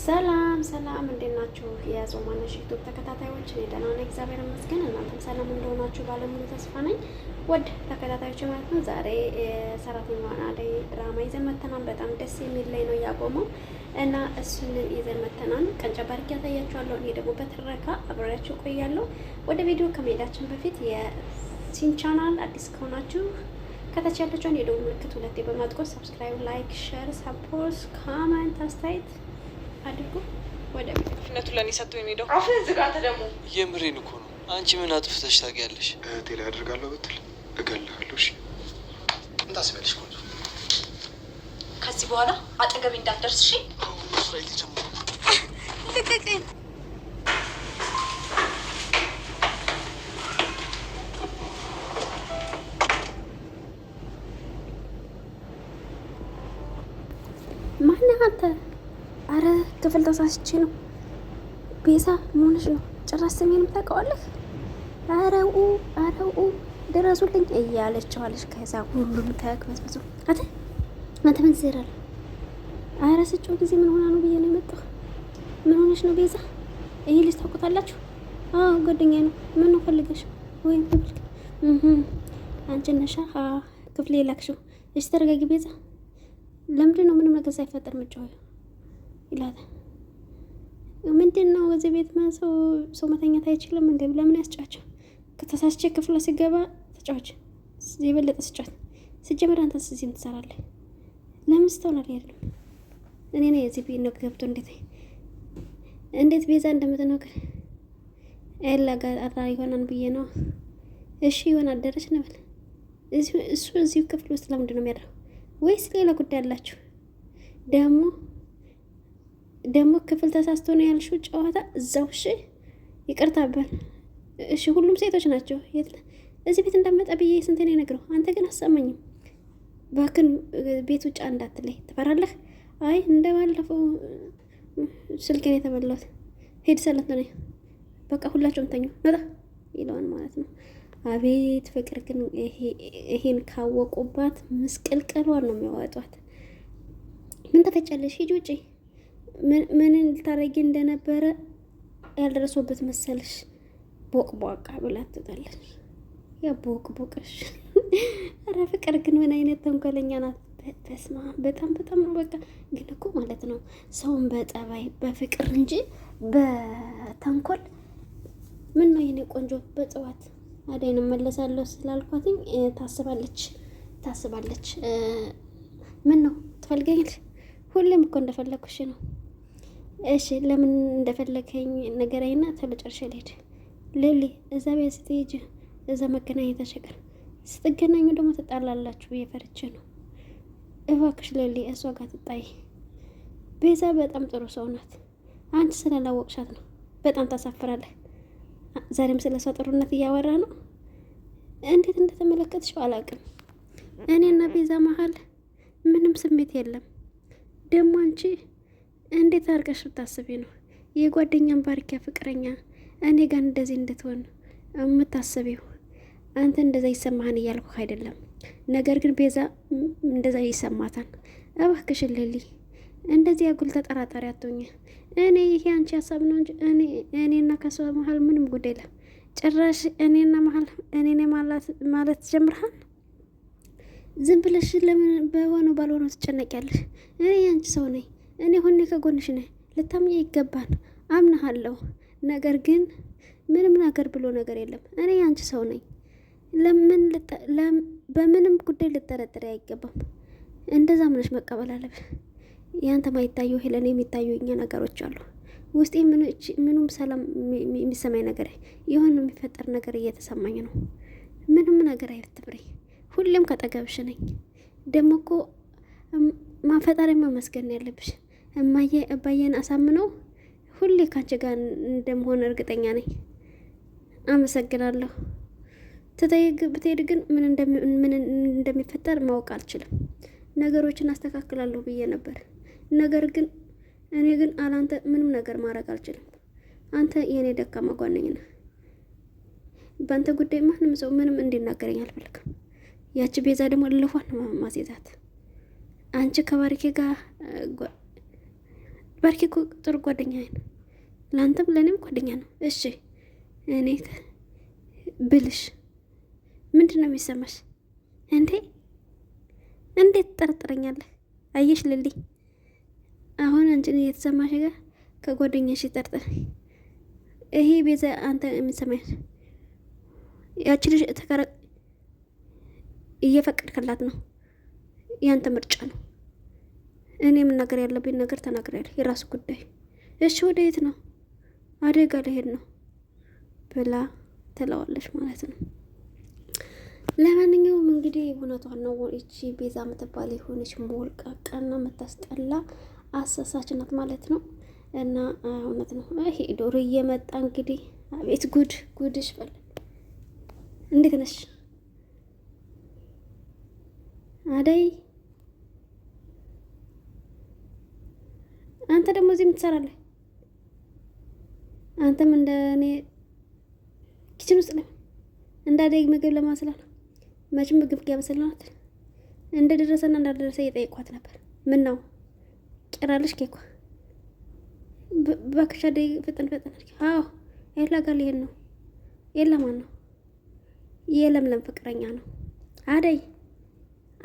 ሰላም ሰላም፣ እንዴት ናችሁ? የዞማነሽ ዩቱብ ተከታታዮች፣ እኔ ደህና ነኝ እግዚአብሔር ይመስገን። እናንተም ሰላም እንደሆናችሁ ባለሙሉ ተስፋ ነኝ። ወድ ተከታታዮች ማለት ነው። ዛሬ ሰራተኛዋን አደይ ድራማ ይዘን መተናን። በጣም ደስ የሚል ላይ ነው ያቆመው እና እሱን ይዘን መተናል። ቀንጨባርኪ ያሳያችኋለሁ። እኔ ደግሞ በትረካ አብሬያችሁ ቆያለሁ። ወደ ቪዲዮ ከመሄዳችን በፊት የሲን ቻናል አዲስ ከሆናችሁ ከታች ያለችውን የደወል ምልክት ሁለቴ በማጥቆስ ሰብስክራይብ፣ ላይክ፣ ሸር፣ ሰፖርት፣ ካመንት አስተያየት አድርጉ። ወደ ቤትነቱ ለእኔ ሰጥቶ የሚሄደው አፍህን ዝጋ። ደግሞ የምሬን እኮ ነው። አንቺ ምን አጥፍተሽ ታውቂያለሽ? እህቴ ላይ አድርጋለሁ ብትል እገልሃለሁ። እሺ እንዳስበልሽ ቆንጆ፣ ከዚህ በኋላ አጠገቤ እንዳትደርስ እሺ። ልቀቀኝ። ማነህ አንተ? ክፍል ተሳስቼ ነው። ቤዛ መሆንሽ ነው። ጭራሽ ስሜንም ታውቀዋለህ። አረው አረው ድረሱልኝ እያለችዋለች። ከዛ ሁሉም ተክበዝብዙ አተ አንተ ምን ትዘራለህ? አረስጭው ስጮህ ጊዜ ምን ሆና ነው ብዬ ነው የመጣሁ። ምን ሆነሽ ነው ቤዛ? ይሄ ልጅ ታውቁታላችሁ? አዎ ጓደኛ ነው። ምን ነው ፈልገሽ ወይም አንቺ ነሻ ክፍሌ የላክሽው? እሺ ተረጋጊ ቤዛ። ለምንድን ነው ምንም ነገር ሳይፈጠር ምጫወ ይላታል ምንድን ነው እዚህ ቤት ሰው ሰው መተኛት አይችልም እንዴ? ለምን ያስጫቸው? ከተሳስቼ ክፍለ ሲገባ ተጫዋች የበለጠ ስጫት ስጀመር አንተ እዚህም ትሰራለህ። ለምን ስተውናል ያለም እኔ ነው የዚህ ቤት ነው ገብቶ እንዴት እንዴት ቤዛ እንደምትነግር ኤላ ጋር አራ ይሆናል ብዬ ነው። እሺ ይሆን አደረች ንበል። እሱ እዚሁ ክፍል ውስጥ ለምንድን ነው የሚያድረው? ወይስ ሌላ ጉዳይ አላችሁ ደግሞ? ደግሞ ክፍል ተሳስቶ ነው ያልሽው ጨዋታ እዛው። እሺ ይቅርታበል። እሺ ሁሉም ሴቶች ናቸው። እዚህ ቤት እንዳመጣ ብዬ ስንት ነው የነግረው። አንተ ግን አሰማኝም። ባክን ቤት ውጫ እንዳትለይ ትፈራለህ። አይ እንደባለፈው ስልኬን የተበላሁት ሄድ ሰለት ነው። በቃ ሁላችሁም ተኙ መጣ ይለዋል ማለት ነው። አቤት ፍቅር ግን ይሄን ካወቁባት ምስቅልቅሏን ነው የሚያወጧት። ምን ተፈጫለሽ? ሂጅ ውጪ ምን ልታረጊ እንደነበረ ያልደረሰበት መሰለሽ? ቦቅቧቃ ብላ ትጠለች። የቦቅቦቅሽ ኧረ ፍቅር ግን ምን አይነት ተንኮለኛ ናት! በስማ በጣም በጣም ነው። በቃ ግን እኮ ማለት ነው ሰውን በጠባይ በፍቅር እንጂ በተንኮል ምን ነው የኔ ቆንጆ በጥዋት አደይን መለሳለሁ ስላልኳትኝ ታስባለች ታስባለች። ምን ነው ትፈልገኛል? ሁሌም እኮ እንደፈለኩሽ ነው። እሺ ለምን እንደፈለገኝ ንገረኝና ቶሎ ጨርሼ ልሄድ። ሌሊ እዛ ቤት ስትሄጂ እዛ መገናኘት አሸቀር። ስትገናኙ ደግሞ ትጣላላችሁ ብዬ ፈርቼ ነው። እባክሽ ሌሊ እሷ ጋር ትጣይ። ቤዛ በጣም ጥሩ ሰው ናት። አንቺ ስላላወቅሻት ነው። በጣም ታሳፍራለህ። ዛሬም ስለ እሷ ጥሩነት እያወራ ነው። እንዴት እንደተመለከትሽው አላውቅም። እኔና ቤዛ መሀል ምንም ስሜት የለም። ደግሞ አንቺ እንዴት አድርገሽ ብታስቢ ነው የጓደኛን ባርኪያ ፍቅረኛ እኔ ጋር እንደዚህ እንድትሆን የምታስቢው? አንተ እንደዛ ይሰማህን እያልኩ አይደለም፣ ነገር ግን ቤዛ እንደዛ ይሰማታል። እባክሽን ሌሊ እንደዚህ አጉል ተጠራጣሪ አትሆኝ። እኔ ይሄ አንቺ ሀሳብ ነው እንጂ እኔ እኔና ከሷ መሀል ምንም ጉዳይ የለም። ጭራሽ እኔና መሀል እኔኔ ማለት ጀምርሃል። ዝም ብለሽ ለምን በሆነው ባልሆነው ትጨነቂያለሽ? እኔ ያንቺ ሰው ነኝ እኔ ሁኔ ከጎንሽ ነኝ፣ ልታምኝ ይገባል፣ አምናሃለሁ። ነገር ግን ምንም ነገር ብሎ ነገር የለም። እኔ ያንቺ ሰው ነኝ። በምንም ጉዳይ ልጠረጠረ አይገባም። እንደዛ ምነሽ መቀበል አለብሽ። ያንተ ማይታየው ሄለን የሚታዩ እኛ ነገሮች አሉ። ውስጤ ምኑም ሰላም የሚሰማኝ ነገር የሆነ የሚፈጠር ነገር እየተሰማኝ ነው። ምንም ነገር አይትብረኝ። ሁሌም ከጠገብሽ ነኝ። ደግሞ እኮ ማፈጠሪያ ማመስገን ያለብሽ እማዬ እባዬን አሳምነው ሁሌ ካንቺ ጋር እንደምሆን እርግጠኛ ነኝ። አመሰግናለሁ። ትተይግ ብትሄድ ግን ምን እንደሚፈጠር ማወቅ አልችልም። ነገሮችን አስተካክላለሁ ብዬ ነበር። ነገር ግን እኔ ግን አላንተ ምንም ነገር ማድረግ አልችልም። አንተ የእኔ ደካማ ጓደኛ በአንተ ጉዳይ ማንም ሰው ምንም እንዲናገረኝ አልፈልግም። ያቺ ቤዛ ደግሞ ልፏን ማሴታት አንቺ ከባሪኬ ጋር ባርኪ እኮ ጥሩ ጓደኛ ነው፣ ለአንተም ለእኔም ጓደኛ ነው። እሺ እኔ ብልሽ ምንድን ነው የሚሰማሽ? እንዴ እንዴት ትጠረጥረኛለህ? አየሽ ልል አሁን አንቺን እየተሰማሽ ጋር ከጓደኛሽ ይጠርጥር። ይሄ ቤዛ አንተ የሚሰማሽ ያችልሽ ተከረ እየፈቀድክላት ነው፣ ያንተ ምርጫ ነው። እኔ መናገር ያለብኝ ነገር ተናግሬያል። የራሱ ጉዳይ። እሺ ወደ የት ነው? አደጋ ልሄድ ነው ብላ ትለዋለች ማለት ነው። ለማንኛውም እንግዲህ እውነቷን ነው። እቺ ቤዛ የምትባል የሆነች ሞልቃቃና የምታስጠላ አሳሳች ናት ማለት ነው። እና እውነት ነው ይሄ ዶሮ እየመጣ እንግዲህ አቤት ጉድ ጉድሽ በል። እንዴት ነሽ አደይ? አንተ ደግሞ እዚህ የምትሰራለህ? አንተም እንደ እኔ ኪችን ውስጥ ነው እንዳደግ ምግብ ለማስላት ነው። መቼም ምግብ ያበስልናት እንደ ደረሰና እንዳልደረሰ እየጠየኳት ነበር። ምን ነው ቄራለሽ? ኬኳ ባክሻ ደግ ፍጥን ፍጥን። አዎ ኤላ ጋር ሊሄድ ነው። ኤላ ማን ነው? የለምለም ፍቅረኛ ነው። አደይ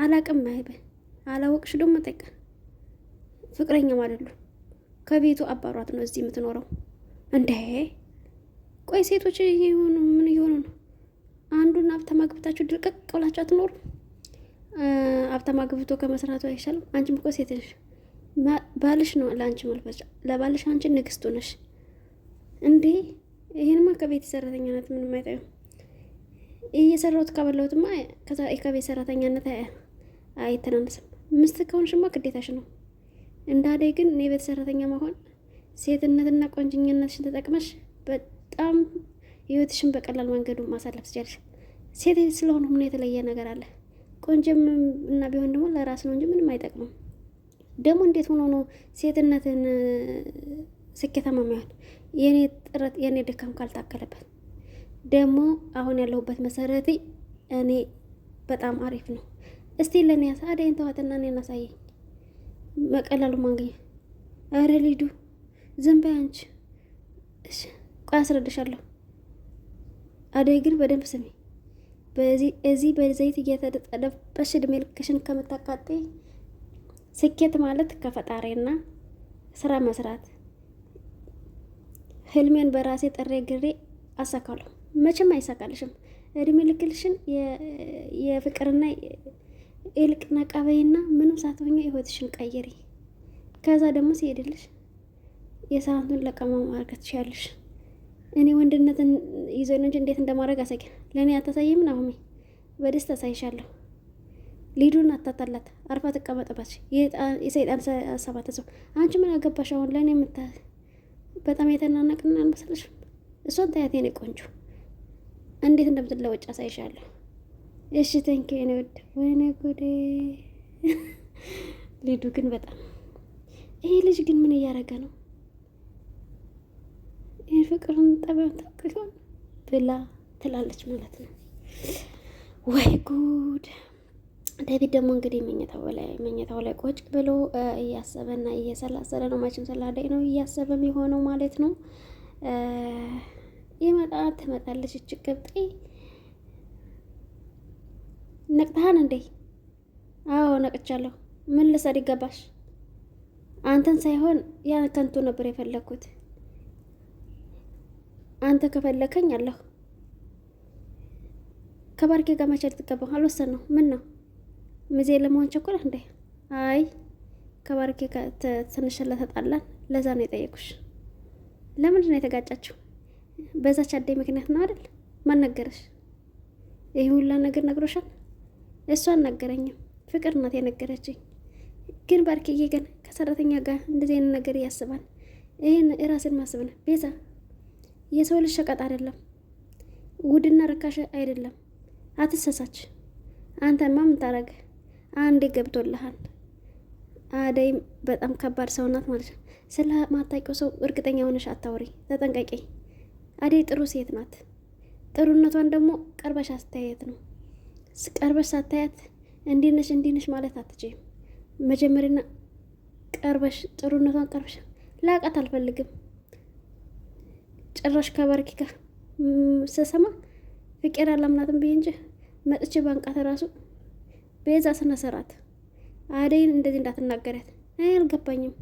አላቅም አይበ አላወቅሽ ደግሞ ጠይቀን ፍቅረኛም አይደሉም። ከቤቱ አባሯት ነው እዚህ የምትኖረው። እንዴ ቆይ ሴቶች የሆኑ ምን እየሆኑ ነው? አንዱን ሀብታም አግብታችሁ ድርቅቅ ብላችሁ አትኖሩ? ሀብታም አግብቶ ከመስራቱ አይሻልም? አንቺም እኮ ሴት ነሽ። ባልሽ ነው ለአንቺ መልፈጫ፣ ለባልሽ አንቺ ንግስቱ ነሽ እንዴ። ይህንማ ከቤት ሰራተኛነት ምንም አይጠቅም። እየሰራሁት ካበላሁትማ ከቤት ሰራተኛነት አይተናነስም። ምስት ከሆንሽማ ግዴታሽ ነው። እንዳዴ ግን እኔ ቤት ሰራተኛ መሆን ሴትነትና ቆንጅኝነትሽን ተጠቅመሽ በጣም ህይወትሽን በቀላል መንገዱ ማሳለፍ ትችላለሽ። ሴት ስለሆነ ምን የተለየ ነገር አለ? ቆንጆም እና ቢሆን ደግሞ ለራስ ነው እንጂ ምንም አይጠቅምም። ደግሞ እንዴት ሆኖ ነው ሴትነትን ስኬታማ የሚሆን? የእኔ ጥረት የእኔ ድካም ካልታከለበት ደግሞ አሁን ያለሁበት መሰረቴ እኔ በጣም አሪፍ ነው። እስቲ ለእኔ አደይን ተዋትና እኔ እናሳየኝ በቀላሉ ማግኘት። አረ ሊዱ ዝም በይ አንቺ። እሺ ቆይ አስረዳሻለሁ። አደይ ግን በደንብ ስሚ። እዚህ በዘይት እየተጠለፈሽ እድሜ ልክሽን ከምታቃጤ ስኬት ማለት ከፈጣሪና ስራ መስራት ህልሜን በራሴ ጥሬ ግሬ አሳካለሁ። መቼም አይሳካልሽም። እድሜ ልክልሽን የፍቅርና ይልቅ ነቃ ምንም ሳትሆኛ ህይወትሽን ቀይሪ። ከዛ ደግሞ ሲሄድልሽ የሰራቱን ለቀማ ማድረግ ትችያለሽ። እኔ ወንድነትን ይዞኝ እንጂ እንዴት እንደማድረግ አሳቂ ለእኔ አታሳይም። ናሆሜ በደስ አሳይሻለሁ። ሊዱን አታታላት፣ አርፋ ትቀመጥባች። የሰይጣን ሰባት ሰው አንቺ ምን አገባሽ አሁን ለእኔ የምታ በጣም የተናነቅና አልመስለሽም? እሷን ታያት ነው ቆንጆ፣ እንዴት እንደምትለወጭ አሳይሻለሁ። እሺ ተንኪ ነው ወደ ወይኔ ጉዴ ሊዱ ግን በጣም ይሄ ልጅ ግን ምን እያደረገ ነው? ይሄ ፍቅርን ጠበብ ብላ ትላለች ማለት ነው። ወይ ጉድ! ዳዊት ደግሞ እንግዲህ መኝታው ላይ መኝታው ላይ ቆጭ ብሎ እያሰበና እየሰላሰለ ነው። መቼም ሰላዳይ ነው እያሰበም የሆነው ማለት ነው። ይመጣ ትመጣለች እችግብጤ ነቅተሃን እንዴ? አዎ ነቅቻለሁ። ምን ልሰድ ይገባሽ? አንተን ሳይሆን ያን ከንቱ ነበር የፈለግኩት። አንተ ከፈለከኝ አለሁ። ከባርኬ ጋር መቼ ልትገባው አልወሰን ነው? ምን ነው ሚዜ ለመሆን ቸኮለህ እንዴ? አይ ከባርጌ ጋር ትንሽ ለተጣላን ለዛ ነው የጠየቁሽ። ለምንድን ነው የተጋጫችው? በዛች አደይ ምክንያት ነው አይደል? ማን ነገረሽ? ይህ ሁላ ነገር ነግሮሻል? እሷ አናገረኝም፣ ፍቅር ናት የነገረችኝ። ግን ባርክዬ ግን ከሰራተኛ ጋር እንደዚህ አይነት ነገር ያስባል። ይህን እራስን ማስብ ነው ቤዛ። የሰው ልጅ ሸቀጥ አይደለም፣ ውድና ረካሽ አይደለም። አትሰሳች። አንተማ ምን ታረግ? አንዴ ገብቶልሃል። አደይ በጣም ከባድ ሰው ናት ማለት ነው። ስለ ማታውቂው ሰው እርግጠኛ ሆነሽ አታውሪ፣ ተጠንቀቂ። አደይ ጥሩ ሴት ናት። ጥሩነቷን ደግሞ ቀርበሽ አስተያየት ነው ቀርበሽ ሳታያት እንዲህ ነሽ ነሽ ማለት አትችይም። መጀመሪያና ቀርበሽ ጥሩነቷን ቀርበሽ ላቃት አልፈልግም። ጭራሽ ከባርኪ ጋር ስሰማ ፍቅር አላምናትም ብዬ እንጂ መጥቼ ባንቃት ራሱ ቤዛ ስነሰራት አደይን እንደዚህ እንዳትናገሪያት አይ አልገባኝም።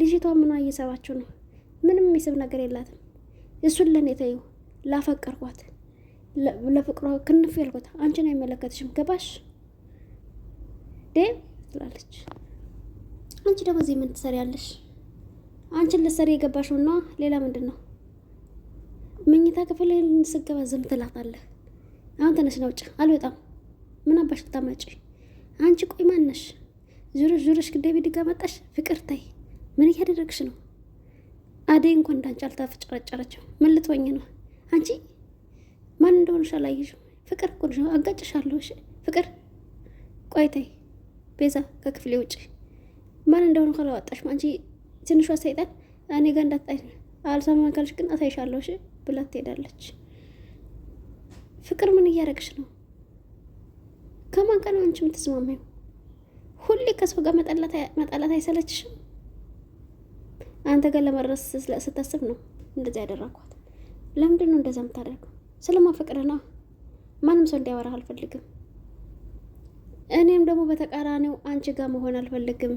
ልጅቷ ምኗ እየሰባችሁ ነው? ምንም የሚስብ ነገር የላትም። እሱን ለእኔ ተይው ላፈቀርኳት ለፍቅሯ ክንፍ ያልኩት አንቺን አይመለከትሽም ገባሽ ዴ ትላለች። አንቺ ደግሞ እዚህ ምን ትሰሪያለሽ? አንቺን ልትሰሪ የገባሽው እና ሌላ ምንድን ነው? መኝታ ክፍል ስገባ ዝም ትላታለህ። አሁን ተነሽ ና ውጭ። አልወጣም። ምን አባሽ ልታመጪ አንቺ? ቆይ ማነሽ? ዙርሽ ዙርሽ ዴቪድ ጋር መጣሽ? ፍቅር ተይ፣ ምን እያደረግሽ ነው? አደይ እንኳን እንዳንቺ አልተፍጨረጨረችው። ምን ልትወኝ ነው አንቺ? ማን እንደሆንሽ አላየሽም? ፍቅር እኮ ነሽ። አጋጭሻለሁ። እሺ ፍቅር፣ ቆይ ተይ ቤዛ፣ ከክፍሌ ውጭ ማን እንደሆነ ካላወጣሽም አንቺ ትንሿ ሰይጣን እኔ ጋር እንዳትጣይ። አልሰማን ካልሽ ግን አሳይሻለሁ። እሺ ብላ ትሄዳለች። ፍቅር ምን እያደረግሽ ነው? ከማን ቀን አንቺ የምትስማማኝ? ሁሌ ከሰው ጋር መጣላት አይሰለችሽም? አንተ ጋር ለመድረስ ስታስብ ነው እንደዚህ ያደረኳት። ለምንድን ነው እንደዛ የምታደርገው? ስለማፈቅርህ ነው። ማንም ሰው እንዲያወራህ አልፈልግም። እኔም ደግሞ በተቃራኒው አንቺ ጋር መሆን አልፈልግም።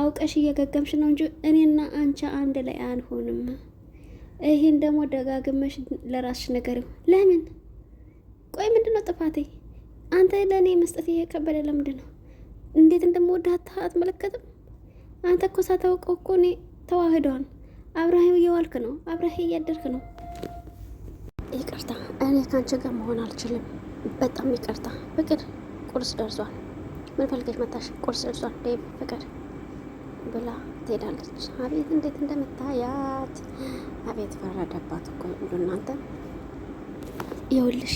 አውቀሽ እየገገምሽ ነው እንጂ እኔና አንቺ አንድ ላይ አንሆንም። ይህን ደግሞ ደጋግመሽ ለራስሽ ንገሪው። ለምን? ቆይ ምንድን ነው ጥፋቴ? አንተ ለእኔ መስጠት የከበደ ለምንድን ነው? እንዴት እንደምወዳት አትመለከትም? አንተ እኮ ሳታውቀው እኮ እኔ ተዋህደዋል። አብረህ እየዋልክ ነው፣ አብረህ እያደርክ ነው። ይቅርታ፣ እኔ ከአንቺ ጋር መሆን አልችልም። በጣም ይቅርታ። ፍቅር፣ ቁርስ ደርሷል። ምን ፈልገሽ መጣሽ? ቁርስ ደርሷል ዴቭ፣ ፍቅር ብላ ትሄዳለች። አቤት እንዴት እንደምታያት አቤት፣ ፈረደባት እኮ ሁሉ። እናንተ ይኸውልሽ፣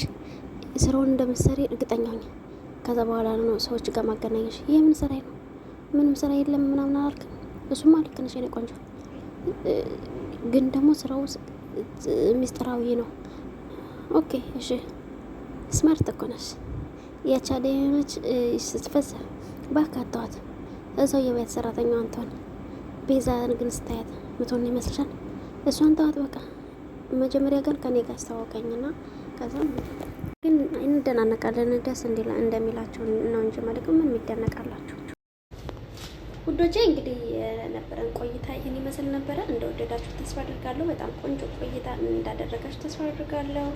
ስራውን እንደምትሰሪ እርግጠኛ ሆኜ ከዛ በኋላ ነው ሰዎች ጋር ማገናኘሽ። ይህ ምን ስራ ነው? ምንም ስራ የለም ምናምን አላልክ። እሱማ ልክ ነሽ ቆንጆ፣ ግን ደግሞ ስራው ሚስጥራዊ ነው ኦኬ እሺ። ስማርት እኮ ነሽ። ያቺ አደይ የሆነች ባካተዋት እዛው የቤት ሰራተኛ አንተን ቤዛን ግን ስታያት ምትሆን ይመስልሻል? እሷን ተዋት በቃ። መጀመሪያ ግን ከኔ ጋር አስተዋወቀኝና ከዛ ግን እንደናነቃለን ደስ እንደሚላቸው ነው እንጂ ማለት ምን ይደነቃላችሁ ውዶቼ እንግዲህ የነበረን ቆይታ ይህን ይመስል ነበረ። እንደወደዳችሁ ተስፋ አድርጋለሁ። በጣም ቆንጆ ቆይታ እንዳደረጋችሁ ተስፋ አድርጋለሁ።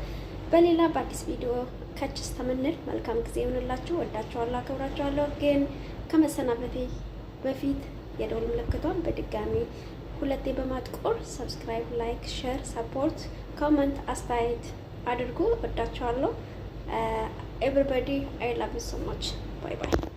በሌላ በአዲስ ቪዲዮ ከች እስከምንል መልካም ጊዜ ይሆንላችሁ። ወዳችኋለሁ፣ አከብራችኋለሁ። ግን ከመሰናበቴ በፊት የደውል ምልክቷን በድጋሚ ሁለቴ በማጥቆር ሰብስክራይብ፣ ላይክ፣ ሼር፣ ሰፖርት፣ ኮመንት አስተያየት አድርጉ። ወዳችኋለሁ። ኤቨሪባዲ አይ ላቭ ዩ ሶ ማች ባይ ባይ።